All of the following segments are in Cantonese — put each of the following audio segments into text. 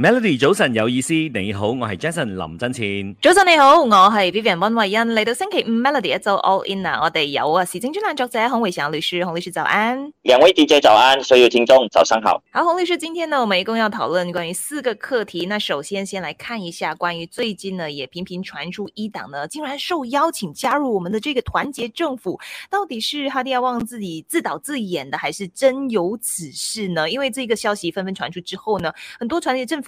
Melody 早晨有意思，你好，我是 Jason 林真倩。早晨你好，我是 Vivian von 溫慧欣。嚟到星期五 Melody 一周 All In 啊，我哋有啊時政專欄作者洪偉祥律師，洪律師早安。兩位 DJ 早安，所有聽眾早上好。好，洪律師，今天呢，我們一共要討論關於四個課題。那首先先來看一下關於最近呢，也頻頻傳出伊黨呢，竟然受邀請加入我們的這個團結政府，到底是哈迪阿旺自己自導自演的，還是真有此事呢？因為這個消息紛紛傳出之後呢，很多團結政府。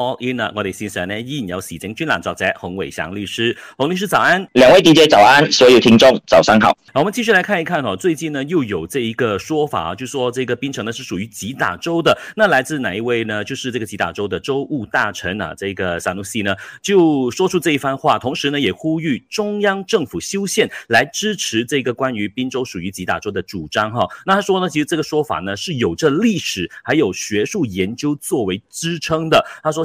哦，因啊，我的線上呢，依然有時政專欄作者洪偉祥律師，洪律師早安，兩位 DJ 早安，所有聽眾早上好。好、啊，我們繼續來看一看哦、啊，最近呢又有這一個說法、啊，就說這個檳城呢是屬於吉打州的。那來自哪一位呢？就是這個吉打州的州務大臣啊，這個 Sanusi 呢就說出這一番話，同時呢也呼籲中央政府修憲來支持這個關於檳州屬於吉打州的主張、啊。哈，那他說呢，其實這個說法呢是有着歷史還有學術研究作為支撐的。他說。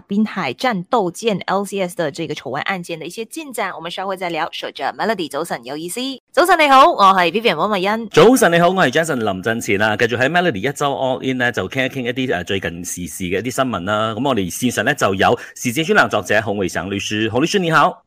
濱海戰鬥艦 LCS 的這個醜聞案件的一些進展，我們稍後再聊。守着 Melody 早晨，有意思。早晨你好，我係 Vivian 王文欣。早晨你好，我係 Jason 林振前啊。繼續喺 Melody 一周 all in 呢，就傾一傾一啲誒最近時事嘅一啲新聞啦。咁我哋線上咧就有時政專欄作者洪偉祥律師，洪律師你好。